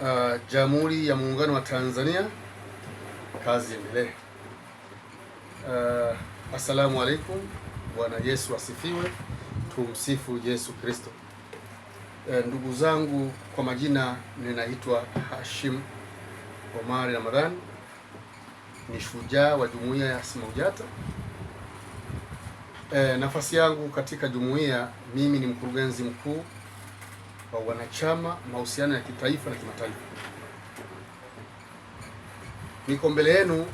uh, Jamhuri ya Muungano wa Tanzania, kazi endelee. Uh, assalamu alaikum. Bwana Yesu asifiwe. Tumsifu Yesu Kristo. Uh, ndugu zangu, kwa majina ninaitwa Hashim Omari Ramadhani, ni shujaa wa jumuiya ya Smaujata. Uh, nafasi yangu katika jumuiya, mimi ni mkurugenzi mkuu wa wanachama, mahusiano ya kitaifa na kimataifa. Niko mbele yenu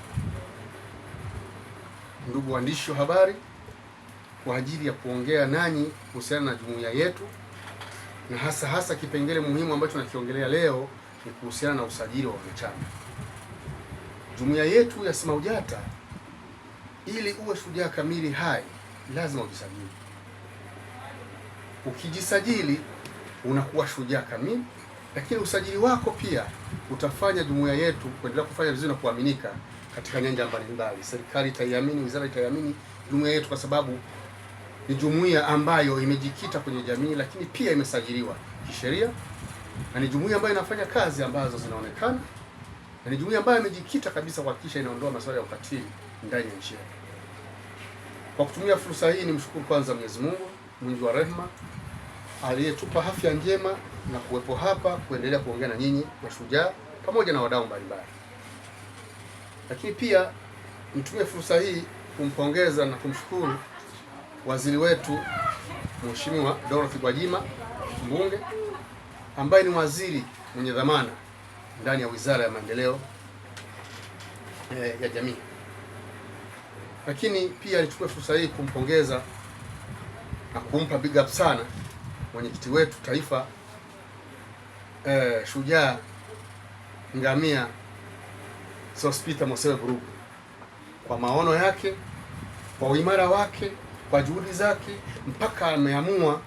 ndugu waandishi wa habari kwa ajili ya kuongea nanyi kuhusiana na jumuiya yetu na hasa hasa kipengele muhimu ambacho nakiongelea leo ni kuhusiana na usajili wa wanachama. Jumuiya yetu ya SMAUJATA ili uwe shujaa kamili hai lazima ujisajili. Ukijisajili unakuwa shujaa kamili, lakini usajili wako pia utafanya jumuiya yetu kuendelea kufanya vizuri na kuaminika katika nyanja mbalimbali. Serikali itaiamini, wizara itaiamini jumuiya yetu, kwa sababu ni jumuiya ambayo imejikita kwenye jamii, lakini pia imesajiliwa kisheria na ni jumuiya ambayo inafanya kazi ambazo zinaonekana na ni jumuiya ambayo imejikita kabisa kuhakikisha inaondoa masuala ya ukatili ndani ya nchi yetu. Kwa kutumia fursa hii, nimshukuru kwanza Mwenyezi Mungu mwingi wa rehema aliyetupa afya njema na kuwepo hapa kuendelea kuongea na nyinyi mashujaa pamoja na wadau mbalimbali. Lakini pia nitumie fursa hii kumpongeza na kumshukuru waziri wetu Mheshimiwa Dorothy Gwajima mbunge, ambaye ni waziri mwenye dhamana ndani ya Wizara ya Maendeleo eh, ya Jamii. Lakini pia nichukue fursa hii kumpongeza na kumpa big up sana mwenyekiti wetu taifa eh, shujaa ngamia Sospeter mosewe Vurugu kwa maono yake, kwa uimara wake, kwa juhudi zake, mpaka ameamua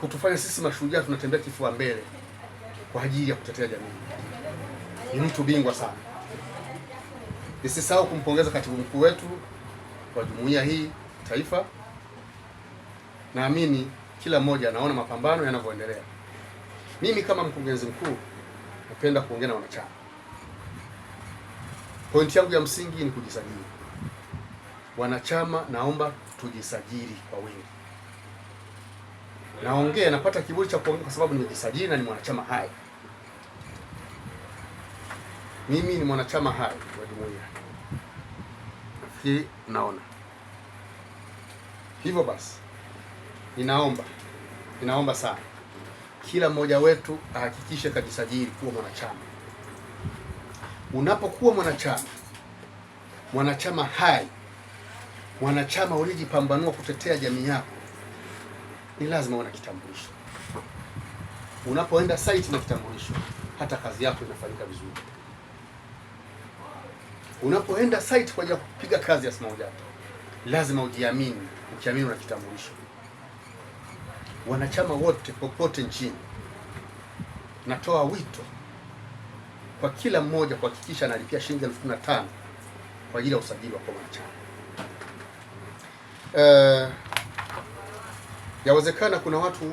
kutufanya sisi mashujaa tunatembea kifua mbele kwa ajili ya kutetea jamii. Ni mtu bingwa sana. Nisisahau kumpongeza katibu mkuu wetu wa jumuiya hii taifa, naamini kila mmoja anaona mapambano yanavyoendelea. Mimi kama mkurugenzi mkuu napenda kuongea na wanachama. Pointi yangu ya msingi ni kujisajili. Wanachama, naomba tujisajili kwa wingi. Naongea, napata kiburi cha kuongea kwa sababu nimejisajili na ni mwanachama hai. Mimi ni mwanachama hai wa jumuiya. hii, naona hivyo basi ninaomba ninaomba sana kila mmoja wetu ahakikishe kajisajili kuwa mwanachama. Unapokuwa mwanachama, mwanachama hai, mwanachama uliyejipambanua kutetea jamii yako, ni lazima uwe na kitambulisho. Unapoenda site na kitambulisho, hata kazi yako inafanyika vizuri. Unapoenda site kwa ajili ya kupiga kazi ya Smaujato, lazima ujiamini. Ukiamini una kitambulisho wanachama wote popote nchini, natoa wito kwa kila mmoja kuhakikisha analipia shilingi elfu kumi na tano kwa ajili ya usajili wa kuwa mwanachama. Uh, yawezekana kuna watu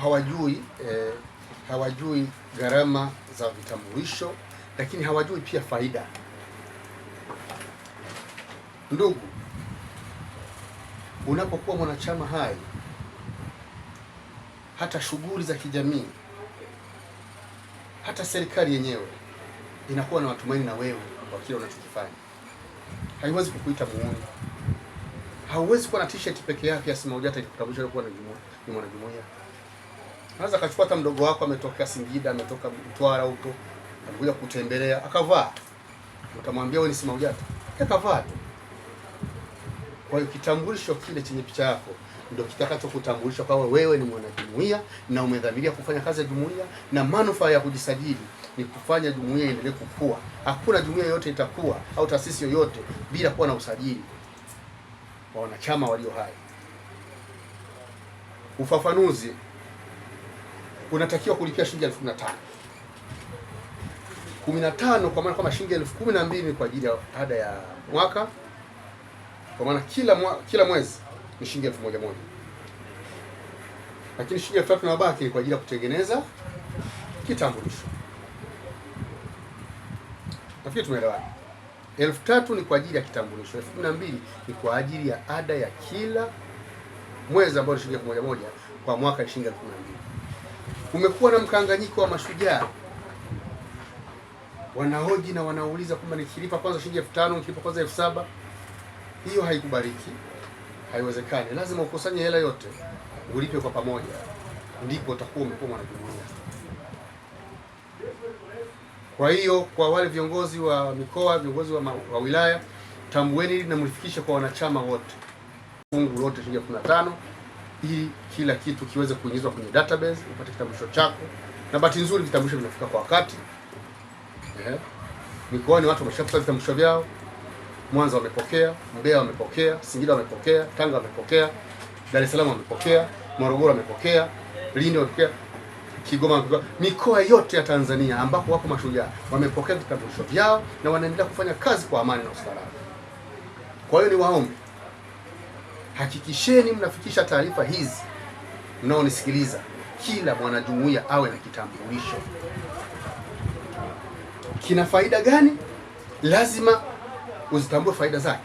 hawajui eh, hawajui gharama za vitambulisho, lakini hawajui pia faida. Ndugu, unapokuwa mwanachama hai hata shughuli za kijamii, hata serikali yenyewe inakuwa na watumaini na wewe kwa kile unachokifanya. Haiwezi kukuita muuni, hauwezi kuwa na t-shirt peke yake ya SMAUJATA ikutambulisha kuwa ni mwanajumuiya. Anaweza akachukua hata mdogo wako ametoka Singida, ametoka Mtwara huko, anakuja kutembelea akavaa, utamwambia wewe ni simaujata? akavaa tu. Kwa hiyo kitambulisho kile chenye picha yako ndio kitakachokutambulisha kwamba wewe ni mwanajumuiya na umedhamiria kufanya kazi ya jumuiya, na manufaa ya kujisajili ni kufanya jumuiya iendelee kukua. Hakuna jumuiya yoyote itakuwa au taasisi yoyote bila kuwa na usajili wa wanachama walio hai. Ufafanuzi, unatakiwa kulipia shilingi elfu kumi na tano kumi na tano kwa maana kama shilingi elfu kumi na mbili kwa ajili ya ada ya mwaka, kwa maana kila mwa, kila mwezi ni shilingi elfu moja moja, lakini shilingi elfu tatu inabaki kwa ajili ya kutengeneza kitambulisho. Nafikiri tumeelewana. Elfu tatu ni kwa ajili ya kitambulisho, elfu kumi na mbili ni kwa ajili ya ada ya kila mwezi ambao ni shilingi elfu moja moja kwa mwaka ni shilingi elfu kumi na mbili. Kumekuwa na mkanganyiko wa mashujaa wanahoji na wanauliza kwamba nikilipa kwanza shilingi elfu tano nikilipa kwanza elfu saba Hiyo haikubaliki haiwezekani. Lazima ukusanye hela yote ulipe kwa pamoja, ndipo utakuwa umekuwa mwanajumuiya. Kwa hiyo kwa wale viongozi wa mikoa, viongozi wa, ma, wa wilaya, tambueni hili na mlifikishe kwa wanachama wote fungu lote shilingi elfu kumi na tano ili kila kitu kiweze kuingizwa kwenye database, upate kitambulisho chako. Na bahati nzuri vitambulisho vinafika kwa wakati, yeah. Mikoani watu wameshapata vitambulisho vyao. Mwanza wamepokea, Mbeya wamepokea, Singida wamepokea, Tanga wamepokea, Dar es Salaam wamepokea, Morogoro wamepokea, Lindi wamepokea, Kigoma wamepokea. Mikoa yote ya Tanzania ambapo wapo mashujaa wamepokea vitambulisho vyao na wanaendelea kufanya kazi kwa amani na usalama. Kwa hiyo ni waombe, hakikisheni mnafikisha taarifa hizi mnaonisikiliza, kila mwanajumuiya awe na kitambulisho. Kina faida gani? Lazima uzitambue faida zake.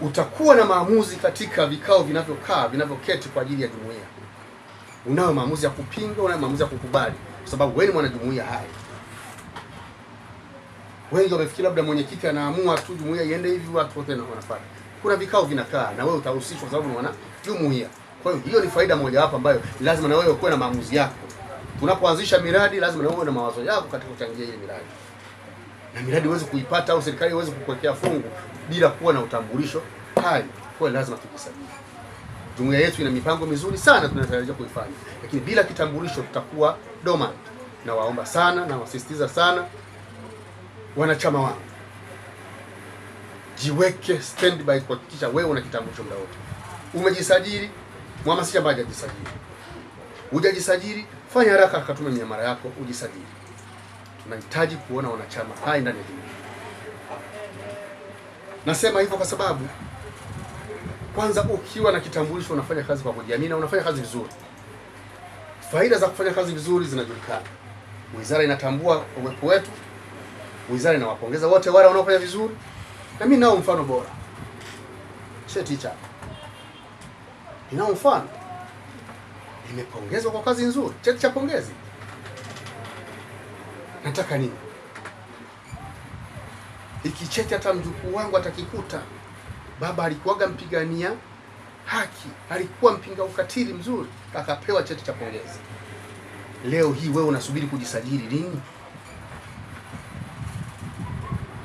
Utakuwa na maamuzi katika vikao vinavyokaa vinavyoketi kwa ajili ya jumuiya. Unayo maamuzi ya kupinga, unayo maamuzi ya kukubali, kwa sababu wewe ni mwanajumuiya hai. Wengi wamefikiri labda mwenyekiti anaamua tu jumuiya iende hivi, watu wote wanafanya. Kuna vikao vinakaa na wewe utahusishwa, kwa sababu ni mwana jumuiya. Kwa hiyo hiyo ni faida moja mojawapo ambayo lazima na wewe uwe na maamuzi yako. Unapoanzisha miradi, lazima na wewe uwe na mawazo yako katika kuchangia ile miradi na miradi huwezi kuipata au serikali iweze kukuwekea fungu bila kuwa na utambulisho hai, Kwa lazima tujisajili. Jumuiya yetu ina mipango mizuri sana tunatarajia kuifanya, lakini bila kitambulisho tutakuwa dormant. Nawaomba sana, nawasisitiza sana wanachama wangu, jiweke standby kuhakikisha wewe una kitambulisho muda wote. Umejisajili, mhamasisha ambaye hajajisajili. Hujajisajili, fanya haraka akatume miamara yako ujisajili tunahitaji kuona wanachama hai ndani ya jumuiya. Nasema hivyo kwa sababu kwanza, ukiwa na kitambulisho unafanya kazi kwa kujiamini na unafanya kazi vizuri. Faida za kufanya kazi vizuri zinajulikana, wizara inatambua uwepo wetu, wizara inawapongeza wote wale wanaofanya vizuri, na mimi nao mfano bora. Cheti cha ninao mfano, nimepongezwa kwa kazi nzuri, cheti cha pongezi nataka nini? Hiki cheti hata mjukuu wangu atakikuta, baba alikuwaga mpigania haki, alikuwa mpinga ukatili mzuri, akapewa cheti cha pongezi Leo hii wewe unasubiri kujisajili lini?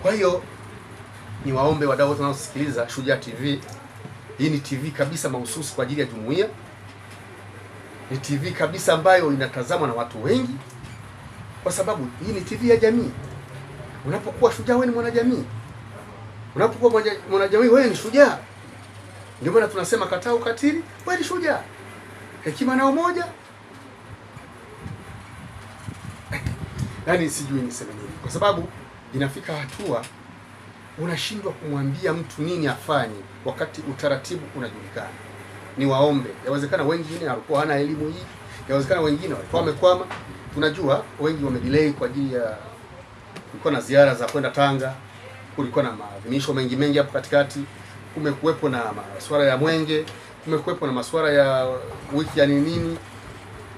Kwa hiyo ni waombe wadau wote wanaosikiliza Shujaa TV. Hii ni TV kabisa mahususi kwa ajili ya jumuiya, ni TV kabisa ambayo inatazamwa na watu wengi kwa sababu hii ni TV ya jamii. Unapokuwa shujaa, wewe ni mwanajamii. Unapokuwa mwanajamii, wewe ni shujaa. Ndio maana tunasema kataa ukatili, wewe ni shujaa. Hekima na umoja, yaani sijui niseme nini, kwa sababu inafika hatua unashindwa kumwambia mtu nini afanye wakati utaratibu unajulikana. Ni waombe, yawezekana wengine walikuwa hana elimu hii, yawezekana wengine walikuwa wamekwama unajua wengi wamedelay kwa ajili ya kulikuwa na ziara za kwenda Tanga, kulikuwa na maadhimisho mengi mengi hapo katikati, kumekuwepo na masuala ya mwenge, kumekuwepo na masuala ya wiki ya nini.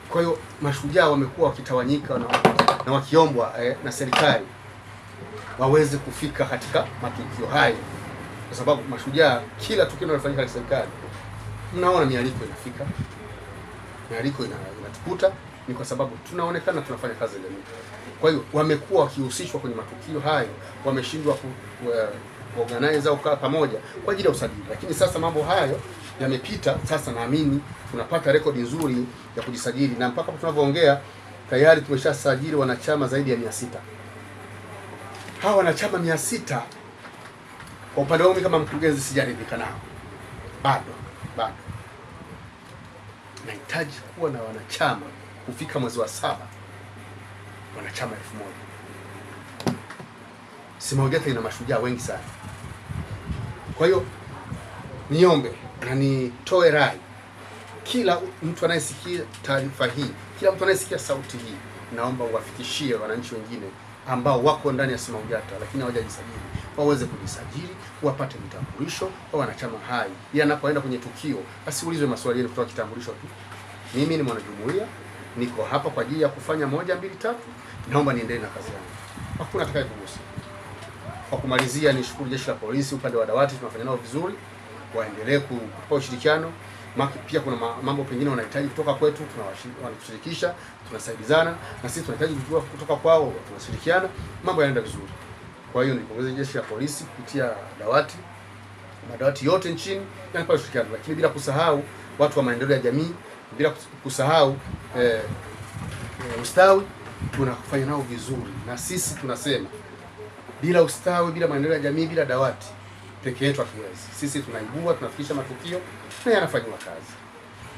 Kwa hiyo mashujaa wamekuwa wakitawanyika na, na wakiombwa eh, na serikali waweze kufika katika matukio hayo, kwa sababu mashujaa kila tukio linalofanyika na serikali, mnaona mialiko inafika, mialiko inatukuta ni kwa sababu tunaonekana tunafanya kazi ndani. Kwa hiyo wamekuwa wakihusishwa kwenye matukio hayo, wameshindwa eh, organize au kaa pamoja kwa ajili ya usajili, lakini sasa mambo hayo yamepita. Sasa naamini tunapata rekodi nzuri ya kujisajili, na mpaka tunavyoongea tayari tumeshasajili wanachama zaidi ya 600. Hawa wanachama 600 kwa upande wangu kama mkurugenzi sijaridhika nao bado, bado nahitaji kuwa na wanachama kufika mwezi wa saba wanachama elfu moja. Simaogeta ina mashujaa wengi sana. Kwa hiyo niombe na nitoe rai, kila mtu anayesikia taarifa hii, kila mtu anayesikia sauti hii, naomba uwafikishie wananchi wengine ambao wako ndani ya Simaugata lakini hawajajisajili waweze kujisajili, wapate vitambulisho wa wanachama hai. Yanapoenda kwenye tukio asiulizwe maswali yenu kutoka kitambulisho tu. Mimi ni mwanajumuiya niko hapa kwa ajili ya kufanya moja mbili tatu, naomba niendelee na kazi yangu. Hakuna atakaye kugusa. Kwa kumalizia, nishukuru jeshi la polisi, upande wa dawati tunafanya nao vizuri, waendelee kupa ushirikiano maki. Pia kuna mambo pengine wanahitaji kutoka kwetu, tunawashirikisha, tunasaidizana, na sisi tunahitaji kujua kutoka kwao, tunashirikiana, mambo yanaenda vizuri. Kwa hiyo nipongeze jeshi la polisi kupitia dawati, madawati yote nchini yanapaswa kushirikiana, lakini bila kusahau watu wa maendeleo ya jamii bila kusahau eh, eh, ustawi tunafanya nao vizuri, na sisi tunasema bila ustawi, bila maendeleo ya jamii, bila dawati peke yetu hatuwezi. Sisi tunaibua, tunafikisha matukio na yanafanywa kazi.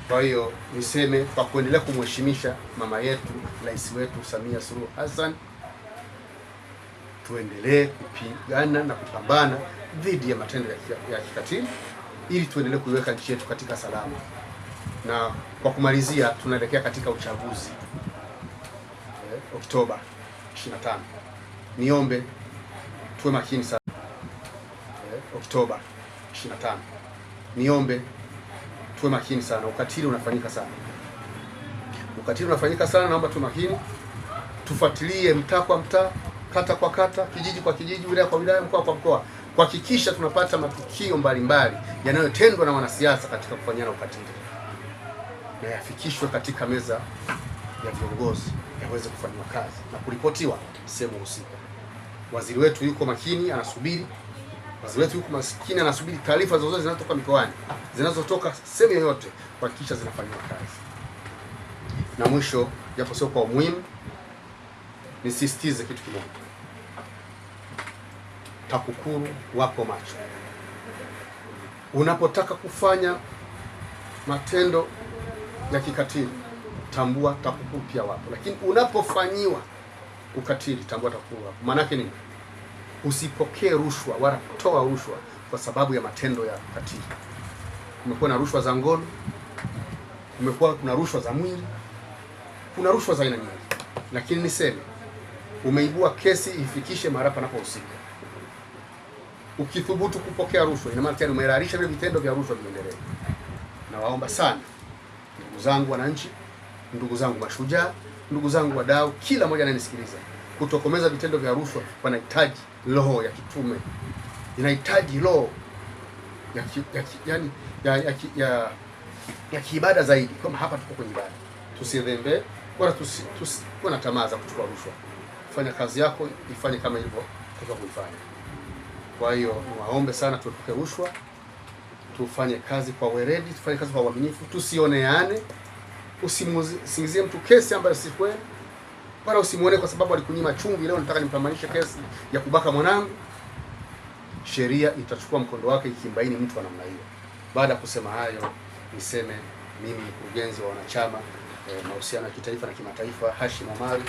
Kwa hiyo niseme kwa kuendelea kumheshimisha mama yetu rais wetu Samia Suluhu Hassan, tuendelee kupigana na kupambana dhidi ya matendo ya kikatili ili tuendelee kuiweka nchi yetu katika salama na kwa kumalizia, tunaelekea katika uchaguzi eh, Oktoba 25. Niombe tuwe makini sana eh, Oktoba 25. Niombe tuwe makini sana, ukatili unafanyika sana, ukatili unafanyika sana. Naomba tuwe makini, tufuatilie mtaa kwa mtaa, kata kwa kata, kijiji kwa kijiji, wilaya kwa wilaya, mkoa kwa mkoa, kuhakikisha tunapata matukio mbalimbali yanayotendwa na wanasiasa katika kufanyana ukatili na yafikishwe katika meza ya viongozi yaweze kufanywa kazi na kuripotiwa sehemu husika. Waziri wetu yuko makini, anasubiri. Waziri wetu yuko makini, anasubiri taarifa zozote zinazotoka mikoani, zinazotoka sehemu yoyote, kuhakikisha zinafanywa kazi. Na mwisho, japo sio kwa umuhimu, nisisitize kitu kimoja, TAKUKURU wako macho unapotaka kufanya matendo na kikatili, tambua TAKUKURU pia wapo. Lakini unapofanyiwa ukatili, tambua TAKUKURU wapo. Maanake nini? Usipokee rushwa wala kutoa rushwa kwa sababu ya matendo ya ukatili. Kumekuwa na rushwa za ngono, kumekuwa kuna rushwa za mwili, kuna rushwa za aina nyingi, lakini niseme umeibua kesi ifikishe mahali panapohusika. Ukithubutu kupokea rushwa, ina maana tena umehalalisha vile vitendo vya rushwa viendelee. Nawaomba sana ndugu zangu wananchi, ndugu zangu mashujaa, ndugu zangu wadau, kila mmoja anayenisikiliza, kutokomeza vitendo vya rushwa wanahitaji roho ya kitume, inahitaji roho ya, ki, ya, ki, yani, ya, ya, ya, ya kiibada zaidi, kama hapa tuko kwenye ibada, tusidhembe wala tusi, tusi, na tamaa za kuchukua rushwa. Fanya kazi yako, ifanye kama ilivyo kuifanya. Kwa hiyo niwaombe sana tuepuke rushwa tufanye kazi kwa weredi tufanye kazi kwa uaminifu, tusioneane. Usimsingizie mtu kesi ambayo si kweli, wala usimuone kwa sababu alikunyima chumvi, leo nataka nimpamanishe kesi ya kubaka mwanangu. Sheria itachukua mkondo wake ikimbaini mtu wa namna hiyo. Baada ya kusema hayo, niseme mimi mkurugenzi wa wanachama eh, mahusiano ya kitaifa na kimataifa Hashim Omari